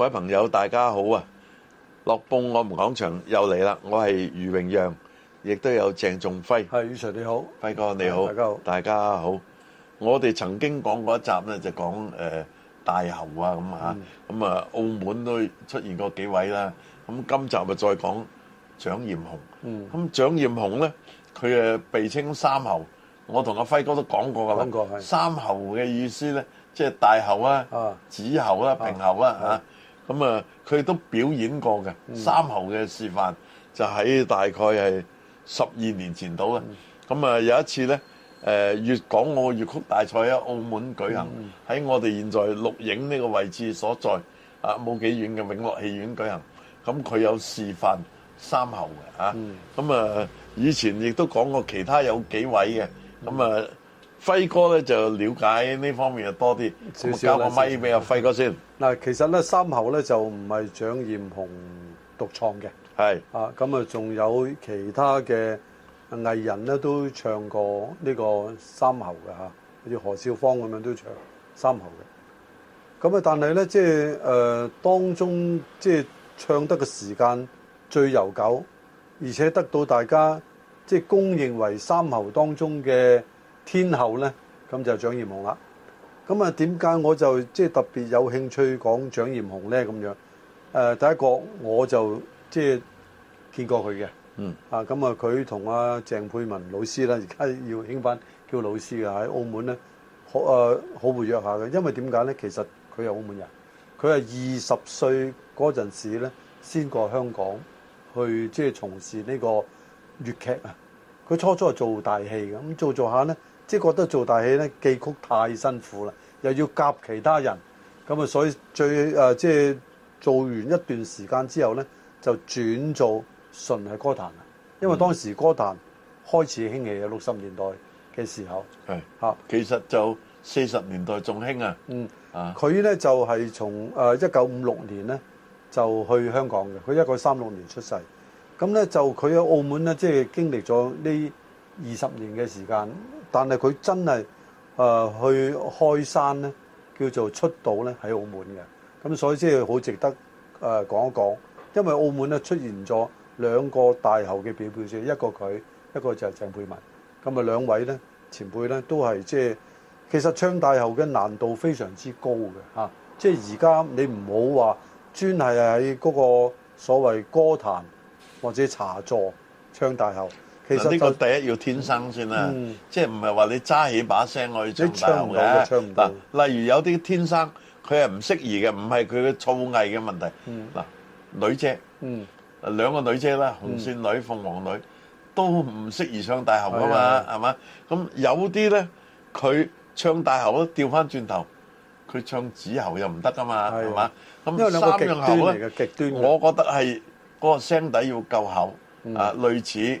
各位朋友，大家好啊！樂報我們講場又嚟啦，我係余榮讓，亦都有鄭仲輝。係余 Sir 你好，輝哥你好，大家好。大家好。我哋曾經講過一集咧，就講誒大侯啊咁啊，咁啊澳門都出現過幾位啦。咁今集咪再講蔣艷紅。嗯，咁蔣艷紅咧，佢誒被稱三侯。我同阿輝哥都講過噶啦。講過係。三侯嘅意思咧，即係大侯啊，子侯啊，平侯啊吓。咁啊，佢都表演過嘅三喉嘅示範，就喺大概係十二年前到嘅。咁啊，有一次咧，誒粵港澳粵曲大賽啊，喺澳門舉行，喺我哋現在錄影呢個位置所在啊，冇幾遠嘅永樂戲院舉行。咁佢有示範三喉嘅嚇。咁啊，以前亦都講過其他有幾位嘅，咁啊。輝哥咧就了解呢方面又多啲，咁啊交個咪俾阿輝哥先。嗱，其實咧《三喉》咧就唔係蔣艷紅獨創嘅，啊咁係啊，仲有其他嘅藝人咧都唱過呢個三喉《三喉》嘅嚇，好似何少芳咁樣都唱《三喉》嘅。咁啊，但係咧即係誒當中即係、呃、唱得嘅時間最悠久，而且得到大家即係公認為《三喉》當中嘅。天后咧，咁就蔣艷紅啦。咁啊，點解我就即係特別有興趣講蔣艷紅咧？咁樣誒、呃，第一個我就即係見過佢嘅。嗯。啊，咁啊，佢同阿鄭佩文老師啦，而家要興翻叫老師嘅喺澳門咧，好誒、呃，好活躍下嘅。因為點解咧？其實佢係澳門人，佢係二十歲嗰陣時咧先過香港去，即係從事呢個粵劇啊。佢初初係做大戲嘅，咁做做下咧。即係覺得做大戲咧記曲太辛苦啦，又要夾其他人，咁啊所以最誒、呃、即係做完一段時間之後咧，就轉做純係歌壇啦。因為當時歌壇開始興起嘅六十年代嘅時候，係嚇是、啊、其實就四十年代仲興啊。嗯，啊佢咧就係、是、從誒一九五六年咧就去香港嘅，佢一九三六年出世，咁咧就佢喺澳門咧即係經歷咗呢二十年嘅時間。但係佢真係誒去開山咧，叫做出道咧喺澳門嘅，咁所以即係好值得誒講一講。因為澳門咧出現咗兩個大後嘅表表姐，一個佢，一個就係鄭佩文。咁啊兩位咧前輩咧都係即係，其實唱大後嘅難度非常之高嘅嚇。即係而家你唔好話專係喺嗰個所謂歌壇或者茶座唱大後。其實，呢個第一要天生先啦，即係唔係話你揸起把聲可以唱大喉嘅。嗱，例如有啲天生佢係唔適宜嘅，唔係佢嘅造詣嘅問題。嗱，女姐，兩個女姐啦，紅線女、鳳凰女都唔適宜唱大喉啊嘛，係嘛？咁有啲咧，佢唱大喉都調翻轉頭，佢唱子喉又唔得噶嘛，係嘛？咁三樣喉咧，極端，我覺得係嗰個聲底要夠厚啊，類似。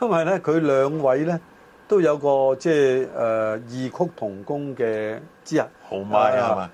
因為咧，佢兩位咧都有個即係誒異曲同工嘅之一好嘛迷？係嘛、呃？吧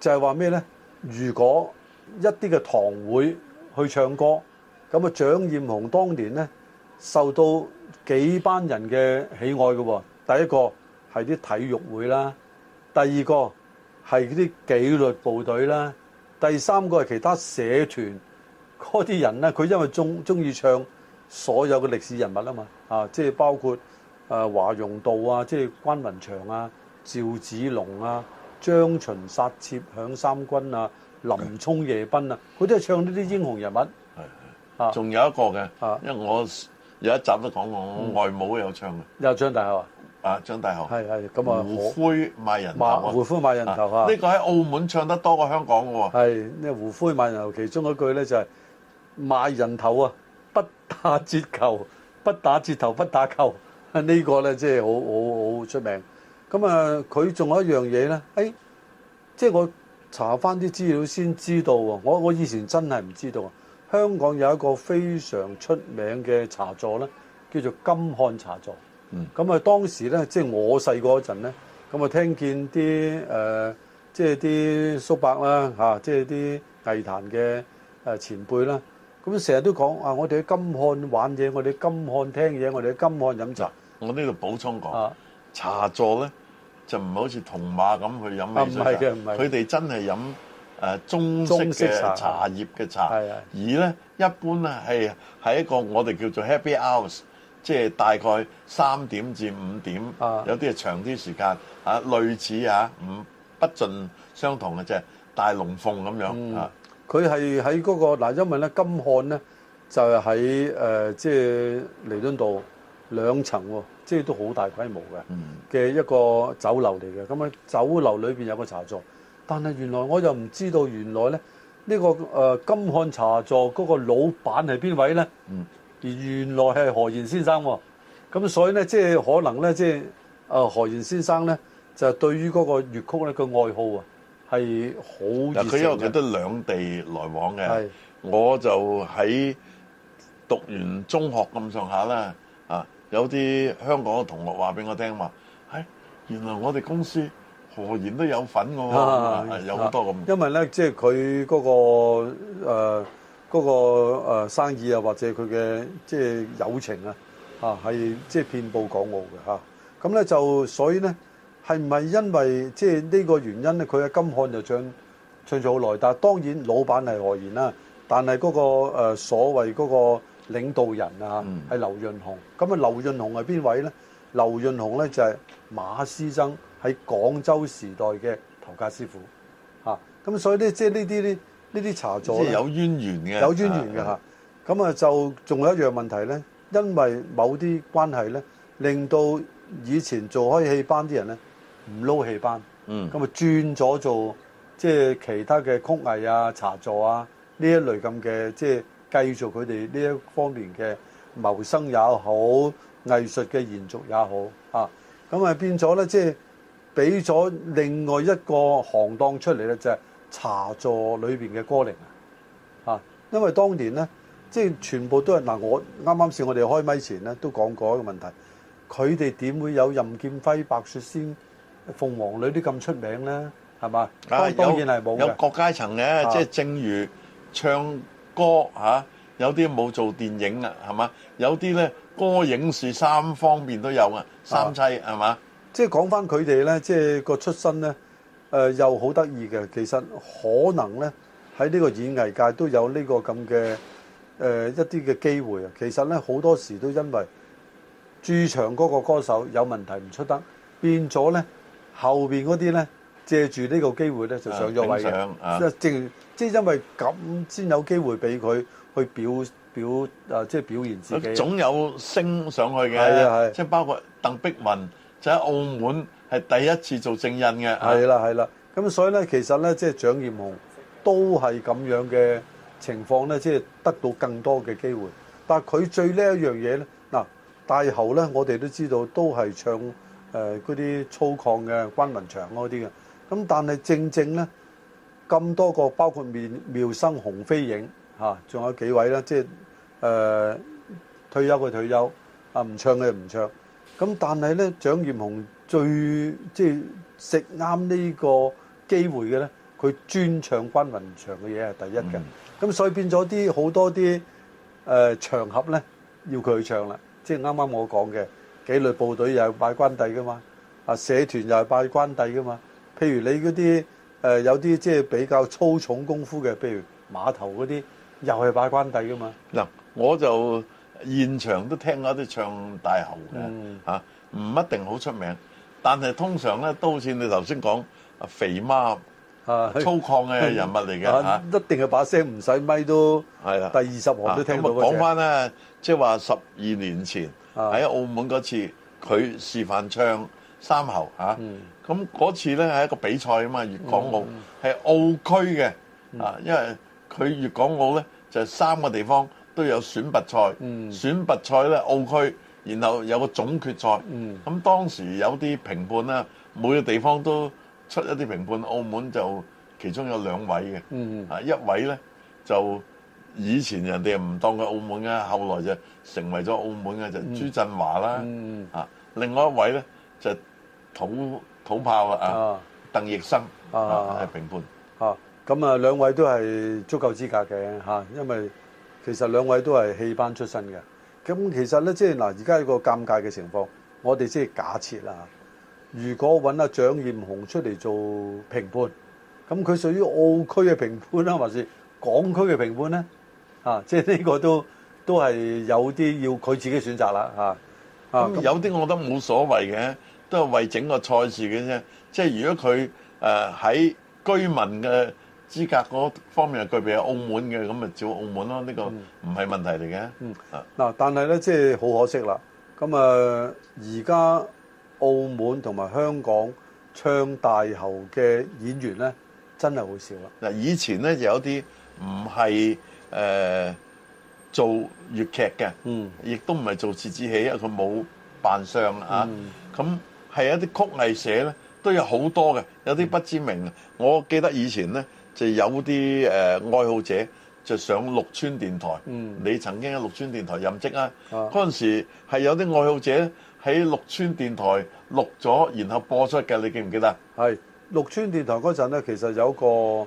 就係話咩咧？如果一啲嘅堂會去唱歌，咁啊，蔣艷紅當年咧受到幾班人嘅喜愛嘅喎、哦。第一個係啲體育會啦，第二個係啲紀律部隊啦，第三個係其他社團嗰啲人咧，佢因為鍾鍾意唱。所有嘅歷史人物啊嘛，啊即係包括誒、啊、華容道啊，即係關雲長啊、趙子龍啊、張巡殺妾響三軍啊、林沖夜奔啊，佢都係唱呢啲英雄人物。係係的。仲、啊、有一個嘅，啊、因為我有一集都講過，我外母有唱嘅。有張大豪。啊，張大豪。係係。咁啊，啊胡灰賣人頭、啊啊。胡灰賣人頭啊！呢、啊呢個喺澳門唱得多過香港嘅、啊、喎。呢胡灰賣人頭，其中一句咧就係賣人頭啊！不打折扣，不打折頭，不打扣，呢個呢，即係好好好出名。咁啊，佢仲有一樣嘢呢，誒，即係我查翻啲資料先知道喎。我我以前真係唔知道，香港有一個非常出名嘅茶座呢，叫做金漢茶座。咁啊，當時呢，即係我細個嗰陣咧，咁啊，聽見啲誒，即係啲叔伯啦，嚇，即係啲藝壇嘅誒前輩啦。咁成日都講啊！我哋喺金漢玩嘢，我哋金漢聽嘢，我哋金漢飲茶。啊、我呢度補充講，啊、茶座咧就唔好似銅馬咁去飲。唔係嘅，唔係。佢哋真係飲誒、啊、中式茶茶中式茶葉嘅茶，而咧呢的一般咧係係一個我哋叫做 Happy Hours，即係大概三點至五點，啊、有啲係長啲時間啊，類似啊，唔不，不盡相同嘅，即係大龍鳳咁樣啊。嗯佢係喺嗰個嗱，因為咧金漢咧就係喺即係彌敦道兩層喎，即係都好大規模嘅嘅一個酒樓嚟嘅。咁啊酒樓裏邊有個茶座，但係原來我就唔知道原來咧呢個金漢茶座嗰個老闆係邊位咧？而原來係何賢先生、哦，咁所以咧即係可能咧即係誒何賢先生咧就對於嗰個粵曲咧嘅愛好啊！係好熱情嘅。嗱，佢因為佢都兩地來往嘅，我就喺讀完中學咁上下啦。啊，有啲香港嘅同學話俾我聽話，係原來我哋公司何然都有份嘅喎，有好多咁。因為咧，即係佢嗰個誒嗰個誒生意啊，或者佢嘅即係友情啊，啊係即係遍布港澳嘅吓。咁咧就所以咧。係唔係因為即係呢個原因咧？佢喺金漢就唱咗好耐？但係當然老闆係何言啦。但係嗰個所謂嗰個領導人啊，係劉潤雄。咁啊、嗯，劉潤雄係邊位咧？劉潤雄咧就係馬師曾喺廣州時代嘅頭家師傅嚇。咁所以咧，即係呢啲咧，呢啲茶座咧，有淵源嘅，有淵源嘅嚇。咁啊的，咁就仲有一樣問題咧，因為某啲關係咧，令到以前做開戲班啲人咧。唔撈戲班，咁啊、嗯、轉咗做即係、就是、其他嘅曲藝啊、茶座啊呢一類咁嘅，即係繼續佢哋呢一方面嘅謀生也好，藝術嘅延續也好啊。咁啊變咗咧，即係俾咗另外一個行當出嚟咧，就係、是、茶座裏邊嘅歌伶啊。啊，因為當年咧，即、就、係、是、全部都係嗱、啊，我啱啱先我哋開麥前咧都講過一個問題，佢哋點會有任劍輝、白雪仙？鳳凰女都咁出名咧，係嘛？啊，當然係冇有，有，有各階層嘅，吧即係正如唱歌吓、啊，有啲冇做電影啊，係嘛？有啲咧歌影視三方面都有啊，三棲係嘛吧？即係講翻佢哋咧，即係個出身咧，誒、呃、又好得意嘅。其實可能咧喺呢個演藝界都有呢個咁嘅誒一啲嘅機會啊。其實咧好多時都因為駐場嗰個歌手有問題唔出得，變咗咧。後邊嗰啲咧，借住呢個機會咧就上咗位嘅。即係正即係因為咁先有機會俾佢去表表啊，即係表現自己，總有升上去嘅，即係包括鄧碧雲就喺澳門係第一次做正印嘅，係啦係啦。咁所以咧，其實咧即係蔣艷紅都係咁樣嘅情況咧，即係得到更多嘅機會。但係佢最叻一樣嘢咧，嗱，大喉咧，我哋都知道都係唱。誒嗰啲粗獷嘅關雲長嗰啲嘅，咁但係正正咧咁多個包括苗苗生、紅飛影嚇，仲有幾位啦，即係誒退休嘅退休啊，唔唱嘅唔唱。咁但係咧，蔣艷紅最即係食啱呢個機會嘅咧，佢專唱關雲長嘅嘢係第一嘅。咁所以變咗啲好多啲誒場合咧，要佢去唱啦，即係啱啱我講嘅。紀律部隊又係拜關帝噶嘛，啊社團又係拜關帝噶嘛。譬如你嗰啲，誒有啲即係比較粗重功夫嘅，譬如碼頭嗰啲，又係拜關帝噶嘛。嗱，我就現場都聽過啲唱大喉嘅，吓唔、嗯啊、一定好出名，但係通常咧都似你頭先講，肥媽、啊、粗獷嘅人物嚟嘅的、啊、一定係把聲唔使咪都係啦。的第二十行都聽到。咁啊，講翻咧，即係話十二年前。喺澳門嗰次，佢示範唱三喉嚇，咁嗰、嗯啊、次呢係一個比賽啊嘛，粵港澳係、嗯、澳區嘅、嗯、啊，因為佢粵港澳呢就是、三個地方都有選拔賽，嗯、選拔賽呢澳區，然後有個總決賽，咁、嗯啊、當時有啲評判呢，每個地方都出一啲評判，澳門就其中有兩位嘅，嗯、啊一位呢就。以前人哋又唔當佢澳門啊，後來就成為咗澳門嘅，就朱振華啦。啊、嗯，嗯、另外一位咧就土土炮啊，啊，鄧奕生啊，係、啊、評判、啊。咁、嗯、啊，兩位都係足夠資格嘅嚇，因為其實兩位都係戲班出身嘅。咁其實咧，即係嗱，而家有個尷尬嘅情況，我哋即係假設啦，如果揾阿蔣艷紅出嚟做評判，咁佢屬於澳區嘅評判啦，還是港區嘅評判咧？啊！即係呢個都都係有啲要佢自己選擇啦嚇。啊，有啲我覺得冇所謂嘅，都係為整個賽事嘅啫。即係如果佢誒喺居民嘅資格嗰方面係具備澳門嘅，咁咪照澳門咯。呢個唔係問題嚟嘅。嗯。嗯。嗱，啊，但係咧，即係好可惜啦。咁啊，而家澳門同埋香港唱大喉嘅演員咧，真係好少啦。嗱，以前咧就有啲唔係。誒、呃、做粵劇嘅，亦都唔係做折子戲，他沒有扮嗯、啊！佢冇扮相啊，咁係一啲曲藝社咧都有好多嘅，有啲不知名。嗯、我記得以前咧就有啲誒愛好者就上綠邨電台，嗯、你曾經喺綠邨電台任職啊。嗰陣、啊、時係有啲愛好者喺綠邨電台錄咗，然後播出嘅，你記唔記得？係綠邨電台嗰陣咧，其實有個。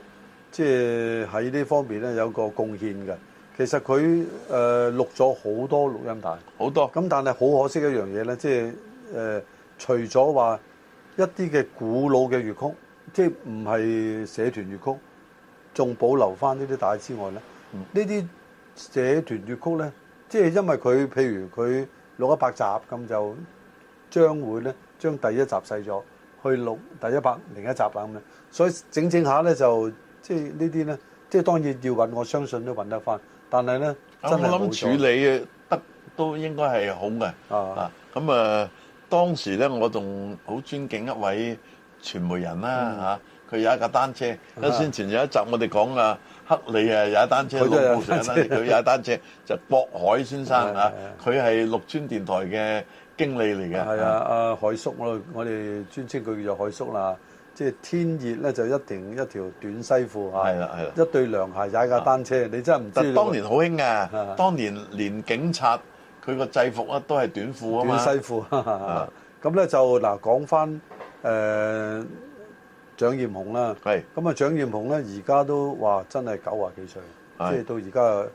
即係喺呢方面咧有個貢獻嘅。其實佢誒錄咗好多錄音帶，好多咁，但係好可惜的一樣嘢咧，即係誒除咗話一啲嘅古老嘅粵曲，即係唔係社團粵曲，仲保留翻呢啲帶之外咧，呢啲社團粵曲咧，即係因為佢譬如佢錄一百集咁，就將會咧將第一集細咗去錄第一百零一集啦咁樣，所以整整下咧就。即係呢啲咧，即係當然要揾，我相信都揾得翻。但係咧，真係諗處理得都應該係好嘅。啊，咁啊，當時咧，我仲好尊敬一位傳媒人啦嚇。佢有一架單車。啱先前有一集我哋講啊，克里啊，踩單車攞獎啦。佢踩單車就博海先生嚇，佢係六村電台嘅經理嚟嘅。係啊，阿海叔，我我哋尊稱佢叫做海叔啦。即係天熱咧，就一定一條短西褲嚇，一對涼鞋踩架單車，你真係唔知。但係當年好興嘅，當年連警察佢個制服啊都係短褲啊嘛。短西褲啊，咁咧就嗱講翻誒蔣艷紅啦。係。咁啊，蔣艷紅咧而家都話真係九啊幾歲，即係到而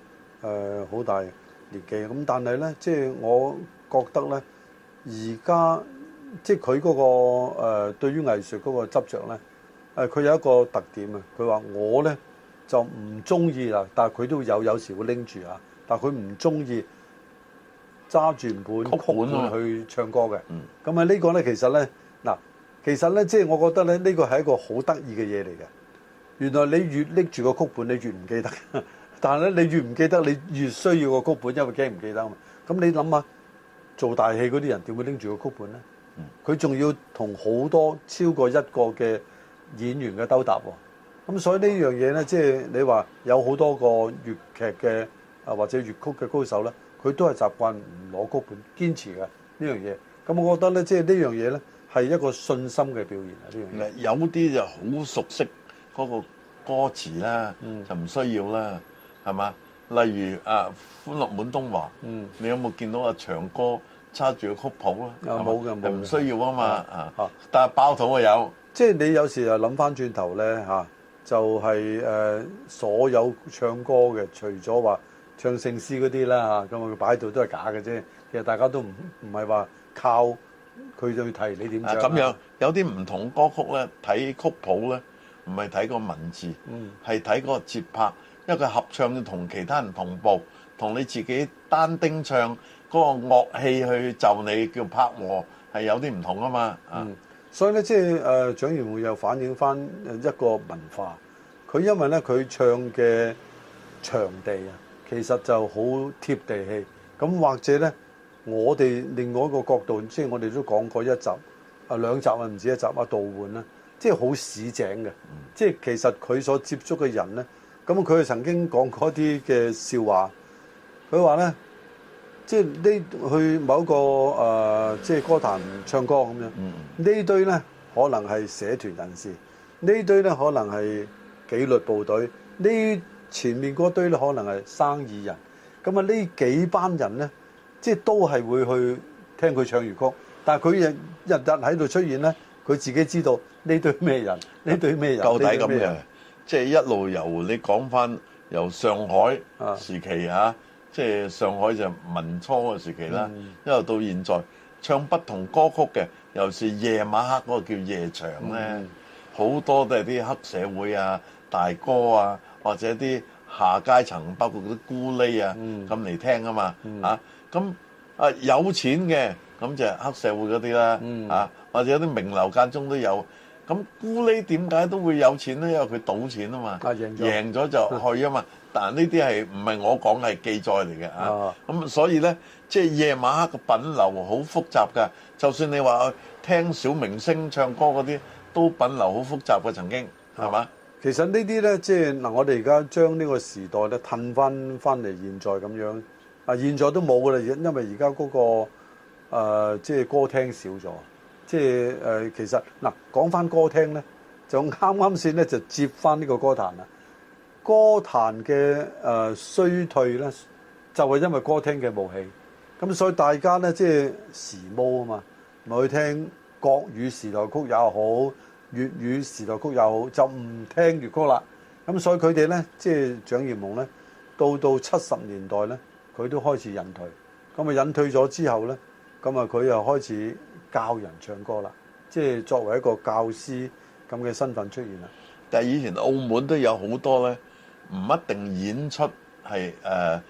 家誒好大年紀。咁但係咧，即係我覺得咧，而家。即係佢嗰個誒、呃，對於藝術嗰個執着咧，誒、呃，佢有一個特點啊。佢話我咧就唔中意啦，但係佢都有有時會拎住啊。但係佢唔中意揸住本曲本去唱歌嘅。咁啊、嗯，嗯、呢個咧其實咧嗱，其實咧即係我覺得咧呢、呢個係一個好得意嘅嘢嚟嘅。原來你越拎住個曲本，你越唔記得。但係咧，你越唔記得，你越需要個曲本，因為驚唔記得啊嘛。咁你諗下，做大戲嗰啲人點會拎住個曲本咧？佢仲、嗯、要同好多超過一個嘅演員嘅兜搭喎、哦，咁所以呢樣嘢呢，即、就、係、是、你話有好多個粵劇嘅啊或者粵曲嘅高手呢，佢都係習慣唔攞曲本堅持嘅呢樣嘢。咁我覺得呢，即係呢樣嘢呢，係一個信心嘅表現啊！呢嘢、嗯、有啲就好熟悉嗰個歌詞啦，嗯、就唔需要啦，係嘛？例如啊，歡樂滿東華，嗯、你有冇見到啊？長哥？插住個曲譜咯，冇嘅冇，唔吧、啊、需要啊嘛。的啊但係爆肚啊有。即係你有時想、啊、就諗翻轉頭咧就係所有唱歌嘅，除咗話唱聖詩嗰啲啦，咁佢擺喺度都係假嘅啫。其實大家都唔唔係話靠佢去睇你點唱。咁、啊、樣有啲唔同歌曲咧，睇曲譜咧，唔係睇個文字，係睇個節拍，因為佢合唱就同其他人同步，同你自己單丁唱。嗰個樂器去就你叫拍和係有啲唔同啊嘛、嗯、所以咧即係誒，蔣艷紅又反映翻一個文化。佢因為咧佢唱嘅場地啊，其實就好貼地氣。咁或者咧，我哋另外一個角度，即係我哋都講過一集啊兩集啊，唔止一集啊，杜煥啦，即係好市井嘅。嗯、即係其實佢所接觸嘅人咧，咁佢曾經講過一啲嘅笑話。佢話咧。即係呢去某個誒，即係歌壇唱歌咁樣。呢堆咧可能係社團人士，呢堆咧可能係紀律部隊，呢前面嗰堆咧可能係生意人。咁啊，呢幾班人咧，即係都係會去聽佢唱粵曲。但係佢日日喺度出現咧，佢自己知道呢堆咩人，呢堆咩人，呢堆咩人。到底咁樣，即係一路由你講返由上海時期嚇。即係上海就民初嘅時期啦，一路到現在唱不同歌曲嘅，尤其係夜晚黑嗰個叫夜場咧，好多都係啲黑社會啊、大哥啊，或者啲下階層，包括嗰啲咕喱啊咁嚟聽啊嘛，啊咁啊有錢嘅咁就係黑社會嗰啲啦，啊或者啲名流間中都有，咁咕喱點解都會有錢咧？因為佢賭錢啊嘛，贏咗就去啊嘛。但呢啲係唔係我講係記載嚟嘅啊？咁所以咧，即係夜晚黑嘅品流好複雜嘅。就算你話聽小明星唱歌嗰啲，都品流好複雜嘅。曾經係嘛？其實呢啲咧，即係嗱，我哋而家將呢個時代咧，褪翻翻嚟現在咁樣啊，現在都冇噶啦，因因為而家嗰個誒，即係歌廳少咗，即係誒，其實嗱，講翻歌廳咧，就啱啱先咧，就接翻呢個歌壇啦。歌壇嘅誒衰退呢，就係、是、因為歌聽嘅武器。咁所以大家呢，即、就、係、是、時髦啊嘛，咪去聽國語時代曲也好，粵語時代曲也好，就唔聽粵曲啦。咁所以佢哋呢，即、就、係、是、蔣艷紅呢，到到七十年代呢，佢都開始引退。咁啊引退咗之後呢，咁啊佢又開始教人唱歌啦，即、就、係、是、作為一個教師咁嘅身份出現啦。但係以前澳門都有好多呢。唔一定演出係誒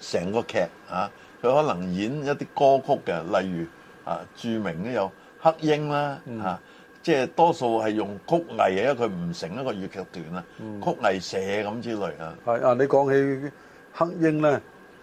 成個劇啊，佢可能演一啲歌曲嘅，例如啊著名都有《黑鷹》啦嚇，即係多數係用曲藝嘅，因為佢唔成一個粵劇團啊，曲藝社咁之類啊。係啊，你講起黑鷹咧，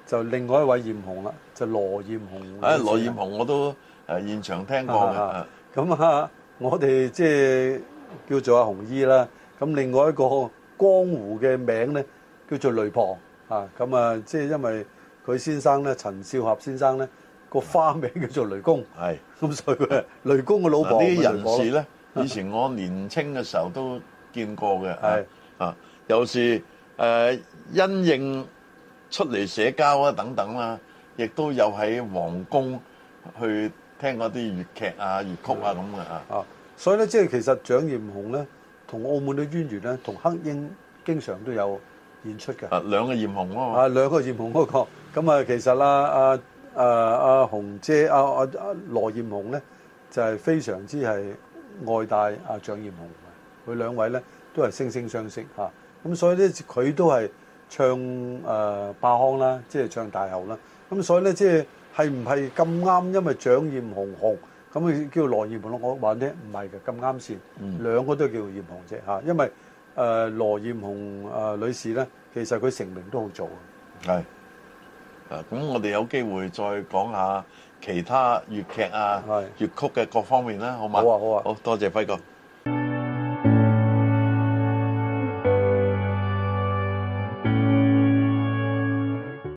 就另外一位艷紅啦，就羅艷紅。誒羅艷紅我都誒現場聽過嘅。咁啊，我哋即係叫做阿紅姨啦。咁另外一個。江湖嘅名咧叫做雷婆啊，咁啊即係因為佢先生咧，陳少俠先生咧個花名叫做雷公，係咁所以佢雷公嘅老婆。嗱呢啲人士咧，以前我年青嘅時候都見過嘅啊，啊有時誒因應出嚟社交啊等等啦，亦都有喺皇宮去聽嗰啲粵劇啊、粵曲啊咁嘅啊。啊，所以咧即係其實蔣艷紅咧。同澳門啲淵源咧，同黑英經常都有演出㗎。啊，兩個艷紅咯。啊，兩個艷紅嗰個，咁啊，其實啊啊啊啊，紅姐啊啊啊，羅艷紅咧，就係非常之係愛戴啊，蔣艷紅。佢兩位咧都係惺惺相惜嚇，咁所以咧，佢都係唱誒霸腔啦，即係唱大喉啦。咁所以咧，即係係唔係咁啱，因為蔣艷紅紅。咁佢叫羅艷紅咯，我話咧唔係嘅，咁啱先，兩個都叫艷紅啫嚇，因為誒羅艷紅誒女士咧，其實佢成名都好早啊。係，啊咁我哋有機會再講下其他粵劇啊、粵曲嘅各方面啦，好嗎？好啊，好啊，好多謝輝哥。